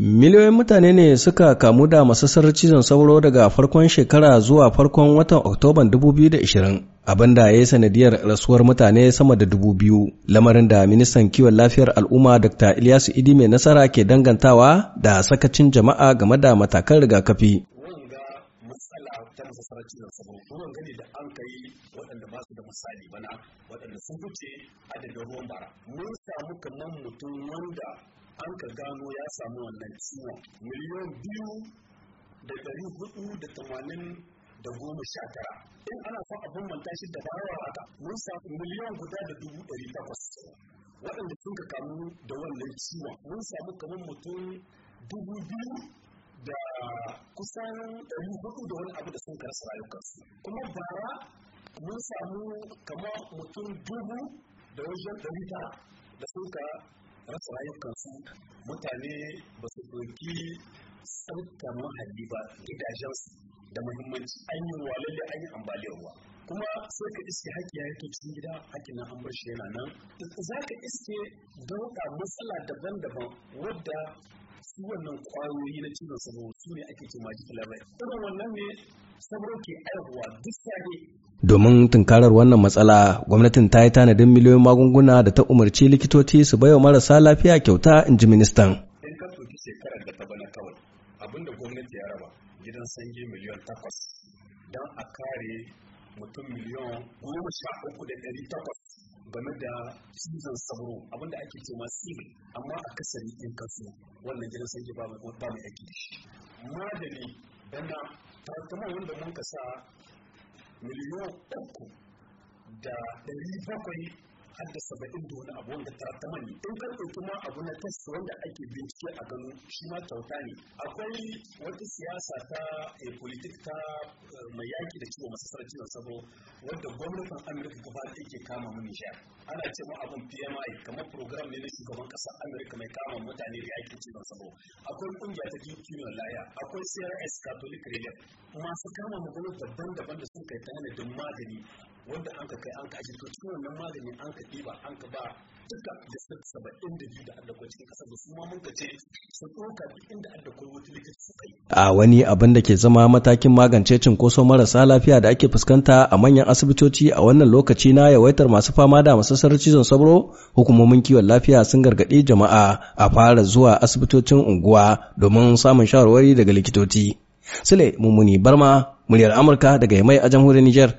Miliyoyin mutane ne suka kamu da masasar cizon sauro daga farkon shekara zuwa farkon watan Oktoban 2020, abin da ya yi sanadiyar rasuwar mutane sama da dubu biyu, lamarin da ministan kiwon lafiyar al'umma Dr. Ilyasu Idi mai nasara ke dangantawa da sakacin jama'a game da matakan rigakafi. wanda an ka gano ya samu wannan ciwon miliyan biyu da dari hudu da tamanin da goma sha tara in ana son abin manta shi da bayan haka mun samu miliyan guda da dubu dari takwas waɗanda sun ka kamu da wannan ciwon mun samu kamar mutum dubu biyu da kusan dari hudu da wani abu da sun karsa rayukansu kuma bara mun samu kamar mutum dubu da wajen dari tara da sun ka rasa rayukansu mutane ba su doki tsarka muhalli ba gidajensu da muhimmanci an yi wa lalle an yi ambaliyar ruwa kuma sai ka iske haƙƙi ya yake cikin gida haƙƙi na an bar shi yana nan za ka iske dauka matsala daban-daban wadda su wannan kwayoyi na cizon sabo su ne ake jikin rai. irin wannan ne sabo ke aihuwa duk sare Domin tunkarar wannan matsala, gwamnatin ta yi tanadin miliyoyin magunguna da ta umarci likitoci su wa marasa lafiya kyauta in ji ministan. In ka soki shekarar da ta bana kawai, abinda gwamnati ya raba gidan sanyi miliyan takwas don a kare mutum miliyan goma sha uku da ɗari takwas game da cizon sauro abinda ake ce ma amma a kasari in kasu wannan gidan sanyi ba mai ba mai aiki magani bana tarkama wanda mun ka sa miliyan uku da ɗari bakwai hada saba'in da wani abu wanda ta ne in kan kuma abu na test wanda ake bincike a gano shi ma kyauta ne akwai wata siyasa ta eh, politik ta eh, mai yaki da ciwo masu sarki na sabo wadda gwamnatin amurka gaba ɗaya ke kama mu nijar ana ce ma abun pmi kamar program ne na shugaban ƙasar amurka mai kama mutane da yakin ciwon sabo akwai ƙungiya ta kinkin laya akwai crs catholic relief masu kama mu gwamnati daban-daban da sun kai ta hana magani wanda an ka kai an ka to wannan magani an ka an ka ba duka saba'in da biyu da cikin kasar su ma mun ka ce su ɗauka duk inda wata likita su kai. a wani abin da ke zama matakin magance cinkoso marasa lafiya da ake fuskanta a manyan asibitoci a wannan lokaci na yawaitar masu fama da masasar cizon sauro hukumomin kiwon lafiya sun gargaɗi jama'a a fara zuwa asibitocin unguwa domin samun shawarwari daga likitoci. Sule Mummuni Barma, muryar Amurka daga Yamai a jamhuriyar Nijar.